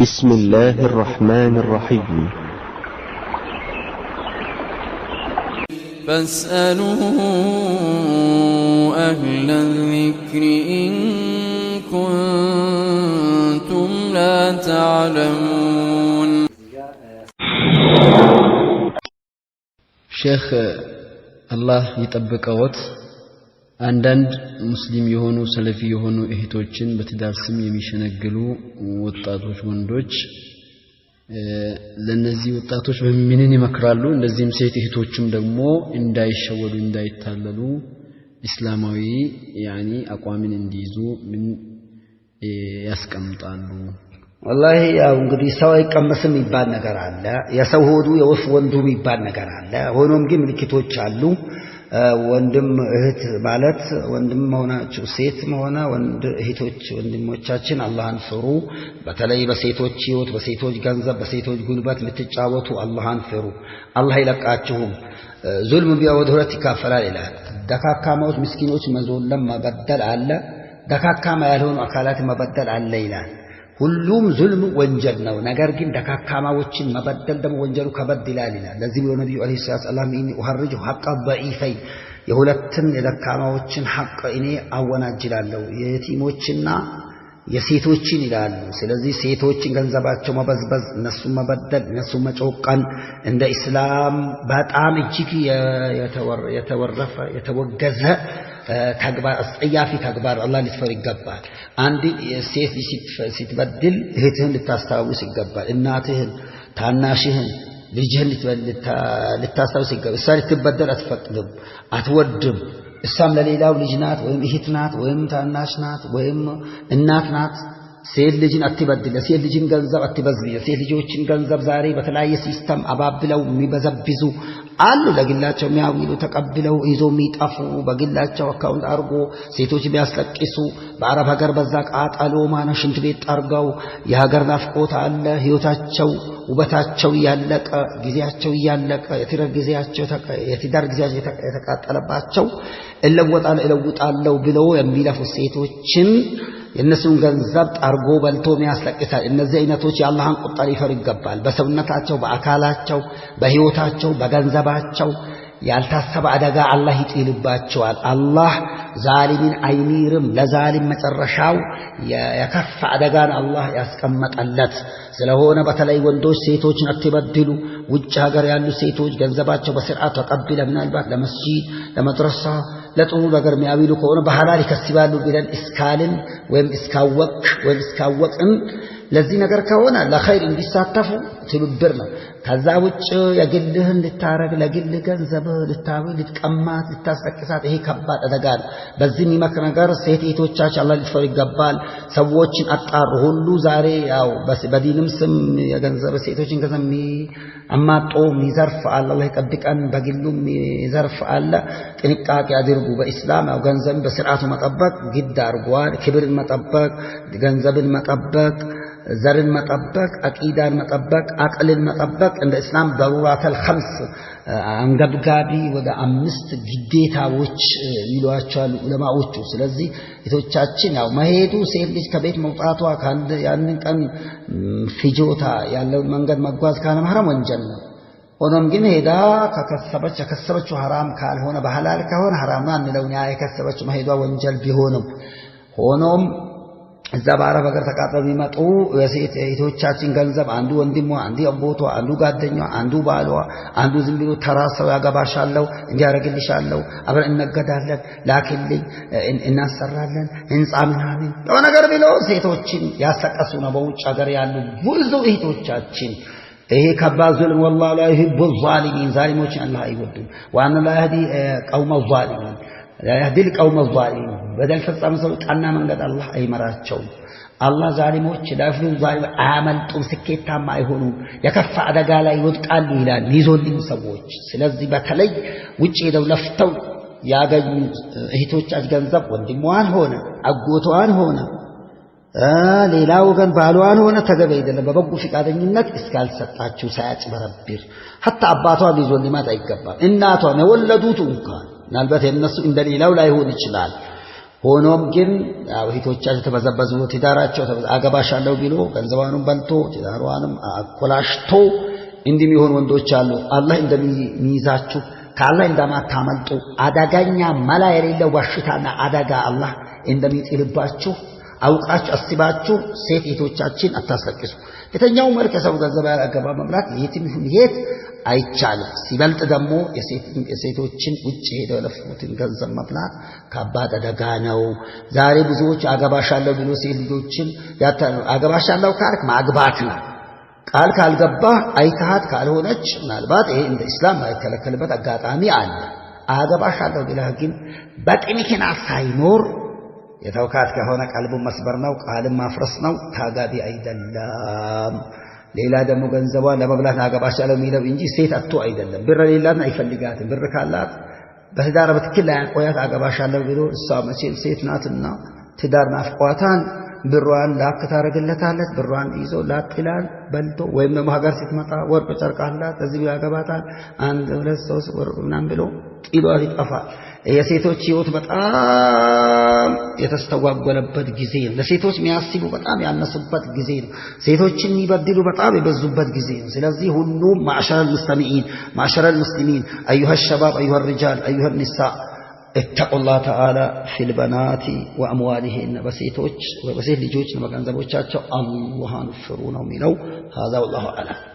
بسم الله الرحمن الرحيم فاسألوا أهل الذكر إن كنتم لا تعلمون شيخ الله يطبق وقت አንዳንድ ሙስሊም የሆኑ ሰለፊ የሆኑ እህቶችን በትዳር ስም የሚሸነግሉ ወጣቶች ወንዶች ለነዚህ ወጣቶች ምንን ይመክራሉ? እንደዚህም ሴት እህቶችም ደግሞ እንዳይሸወዱ እንዳይታለሉ እስላማዊ ያኒ አቋምን እንዲይዙ ምን ያስቀምጣሉ? ወላሂ ያው እንግዲህ ሰው አይቀመስም የሚባል ነገር አለ። የሰው ሆዱ የወፍ ወንዱ የሚባል ነገር አለ። ሆኖም ግን ምልክቶች አሉ። ወንድም እህት ማለት ወንድም መሆናችሁ ሴትም ሆነ እህቶች ወንድሞቻችን አላህን ፍሩ። በተለይ በሴቶች ህይወት፣ በሴቶች ገንዘብ፣ በሴቶች ጉልበት ልትጫወቱ አላህን ፍሩ። አላህ ይለቃችሁም ዙልም ቢያወድ ሁለት ይካፈላል ይላል። ደካካማዎች ምስኪኖች መዞለም መበደል አለ። ደካካማ ያልሆኑ አካላት መበደል አለ ይላል። ሁሉም ዙልም ወንጀል ነው። ነገር ግን ደካካማዎችን መበደል ደግሞ ወንጀሉ ከበድ ይላል ይላል። ለዚህ ብሎ ነቢዩ ዓለይሂ ሰላቱ ሰላም ኢኒ ኡኸርጁ ሐቀ ደዒፈይ የሁለትን የደካማዎችን ሐቅ እኔ አወናጅላለሁ የቲሞችና የሴቶችን ይላሉ። ስለዚህ ሴቶችን ገንዘባቸው መበዝበዝ፣ እነሱን መበደል፣ እነሱን መጮቀን እንደ ኢስላም በጣም እጅግ የተወረፈ የተወገዘ ተግባር አስጸያፊ ተግባር አላህ ልትፈር ይገባል። አንድ ሴት ስትበድል እህትህን ልታስታውስ ይገባል። እናትህን፣ ታናሽህን፣ ልጅህን ልታስታውስ ይገባል። እሷ ልትበደል አትፈቅድም፣ አትወድም። እሷም ለሌላው ልጅ ናት ወይም እህት ናት ወይም ታናሽ ናት ወይም እናት ናት ሴት ልጅን አትበድል፣ ሴት ልጅን ገንዘብ አትበዝብ፣ ሴት ልጆችን ገንዘብ ዛሬ በተለያየ ሲስተም አባብለው የሚበዘብዙ አሉ። ለግላቸው የሚያዊሉ ተቀብለው ይዞ የሚጠፉ በግላቸው አካውንት አርጎ ሴቶች የሚያስለቅሱ በአረብ ሀገር በዛ ቃጠሎ ማነው ሽንት ቤት ጠርገው የሀገር ናፍቆት አለ። ህይወታቸው ውበታቸው እያለቀ ጊዜያቸው እያለቀ የትዳር ጊዜያቸው የተቃጠለባቸው እለወጣለሁ እለውጣለሁ ብለው የሚለፉ ሴቶችን የእነሱን ገንዘብ ጠርጎ በልቶ ያስለቅሳል። እነዚህ አይነቶች የአላህን ቁጣ ሊፈሩ ይገባል። በሰውነታቸው፣ በአካላቸው፣ በህይወታቸው፣ በገንዘባቸው ያልታሰበ አደጋ አላህ ይጥልባቸዋል። አላህ ዛሊሚን አይሚርም። ለዛሊም መጨረሻው የከፋ አደጋን አላህ ያስቀመጠለት ስለሆነ በተለይ ወንዶች ሴቶችን አትበድሉ። ውጭ ሀገር ያሉ ሴቶች ገንዘባቸው በስርዓት ተቀብለ ምናልባት ለመስጂድ ለመድረሳ ለጥሙ ነገር የሚያቢሉ ከሆነ በሐላል ይከስባሉ ቢለን እስካልን ወይም እስካወቅ ወይም እስካወቅን ለዚህ ነገር ከሆነ ለኸይር እንዲሳተፉ ትብብር ነው። ከዛ ውጭ የግልህን ልታረግ ለግልህ ገንዘብህ ልታዊ ልትቀማት ልታስጠቅሳት፣ ይሄ ከባድ አደጋ ነው። በዚህ የሚመክር ነገር ሴት እህቶቻችን አላህ ሊፈሩ ይገባል። ሰዎችን አጣሩ። ሁሉ ዛሬ ያው በዲንም ስም የገንዘብ ሴቶችን ገንዘብ የሚያማጦ የሚዘርፍ አለ። አላህ ይጠብቀን። በግሉም የሚዘርፍ አለ። ጥንቃቄ አድርጉ። በኢስላም ያው ገንዘብን በስርዓቱ መጠበቅ ግድ አድርጓል። ክብርን መጠበቅ፣ ገንዘብን መጠበቅ ዘርን መጠበቅ፣ አቂዳን መጠበቅ፣ አቅልን መጠበቅ እንደ እስላም በሩራተል ኸምስ አንገብጋቢ ወደ አምስት ግዴታዎች ይሏቸዋል ዑለማዎቹ። ስለዚህ እህቶቻችን ያው መሄዱ ሴት ልጅ ከቤት መውጣቷ ያንን ቀን ፍጆታ ያለውን መንገድ መጓዝ ካለ መሐረም ወንጀል ነው። ሆኖም ግን ሄዳ ከከሰበች የከሰበችው ሐራም ካልሆነ በሐላል ከሆነ ሐራም ነው አንለውም። ያ የከሰበችው መሄዷ ወንጀል ቢሆንም ሆኖም እዛ በአረብ ሀገር ተቃጥለው የሚመጡ እህቶቻችን ገንዘብ አንዱ ወንድሟ፣ አንዱ አጎቷ፣ አንዱ ጓደኛዋ፣ አንዱ ባሏ፣ አንዱ ዝም ብሎ ተራ ሰው ያገባሻለሁ፣ እንዲያደርግልሻለሁ፣ አብረን እነገዳለን፣ ላክልኝ፣ እናሰራለን፣ ህንፃ ምናምን የሆነ ነገር ብሎ ሴቶችን ያሰቀሱ ነው። በውጭ ሀገር ያሉ ብዙ እህቶቻችን ይሄ ከባድ ዙልም ወላሂ ላ ዩሂቡ ዛሊሚን ዛሊሞችን አላህ አይወድም። ወአነ ላ ያህዲ ቀውመ ዛሊሚን ያህዲል ቀውመ ዛሊም በደል ፈጻሚ ሰው ቀና መንገድ አላህ አይመራቸውም። አላህ ዛሊሞች ዳፊሉ ዛሊም አያመልጡም፣ ስኬታማ አይሆኑም፣ የከፋ አደጋ ላይ ይወድቃሉ ይላል ይዞልኝ ሰዎች። ስለዚህ በተለይ ውጭ ሄደው ለፍተው ያገኙ እህቶቻች ገንዘብ ወንድሟን ሆነ አጎቷን ሆነ ሌላ ወገን ባሏን ሆነ ተገቢ አይደለም። በበጎ ፈቃደኝነት እስካልሰጣችሁ ሳያጭበረብር ሐታ አባቷ ቢዞ አይገባም። እናቷን የወለዱት እንኳን ምናልባት የነሱ እንደሌላው ላይሆን ይችላል። ሆኖም ግን ያው እህቶቻቸው ተበዘበዙ፣ ትዳራቸው አገባሻለሁ ቢሎ ገንዘቧንም በልቶ ትዳሯንም አኮላሽቶ እንዲህ የሚሆን ወንዶች አሉ። አላህ እንደሚይዛችሁ ከአላህ እንደማታመልጡ አደገኛ መላ የሌለው ዋሽታና አደጋ አላህ እንደሚጥልባችሁ አውቃችሁ አስባችሁ ሴት እህቶቻችን አታስለቅሱ። የተኛው መልክ የሰው ገንዘብ ያላገባ መብላት የትም ይሁን የት አይቻልም። ሲበልጥ ደግሞ የሴቶችን ውጭ ሄደው የለፉትን ገንዘብ መብላት ከባድ አደጋ ነው። ዛሬ ብዙዎች አገባሻለሁ ብሎ ሴት ልጆችን አገባሻለሁ ካልክ ማግባት ነው። ቃል ካልገባ አይተሃት ካልሆነች ምናልባት ይሄ እንደ እስላም ማይከለከልበት አጋጣሚ አለ። አገባሻለሁ ብለህ ግን በቂ ምክንያት ሳይኖር የተውካት ከሆነ ቀልቡ መስበር ነው፣ ቃልን ማፍረስ ነው። ታጋቢ አይደለም። ሌላ ደግሞ ገንዘቧ ለመብላት አገባሻለሁ የሚለው እንጂ ሴት አቶ አይደለም። ብር ሌላት አይፈልጋትም። ብር ካላት በትዳር በትክክል ላይ ቆያት አገባሻለሁ ብሎ እሷ መቼም ሴት ናትና ትዳር ናፍቋታን ብሯን ላክ ታደርግለታለች። ብሯን ይዞ ላጥ ይላል በልቶ ወይም ደግሞ ሀገር ስትመጣ ወርቅ ጨርቃላት እዚህ ያገባታል። አንድ ሁለት ሶስት ወርቅ ምናምን ብሎ ጥሏት ይጠፋል። የሴቶች ህይወት በጣም የተስተጓጎለበት ጊዜ ነው። ለሴቶች የሚያስቡ በጣም ያነሱበት ጊዜ ነው። ሴቶችን የሚበድሉ በጣም የበዙበት ጊዜ ነው። ስለዚህ ሁሉም ማዕሸረል ሙስተሚኢን ማዕሸረል ሙስሊሚን አዩሃ ሸባብ አዩሃ ሪጃል አዩሃ ኒሳ እተቁላህ ተዓላ ፊልበናቲ ወአምዋሊሂን በሴቶች በሴት ልጆች በገንዘቦቻቸው አላህን ፍሩ ነው የሚለው ሀዛ ወላሁ አዕለም።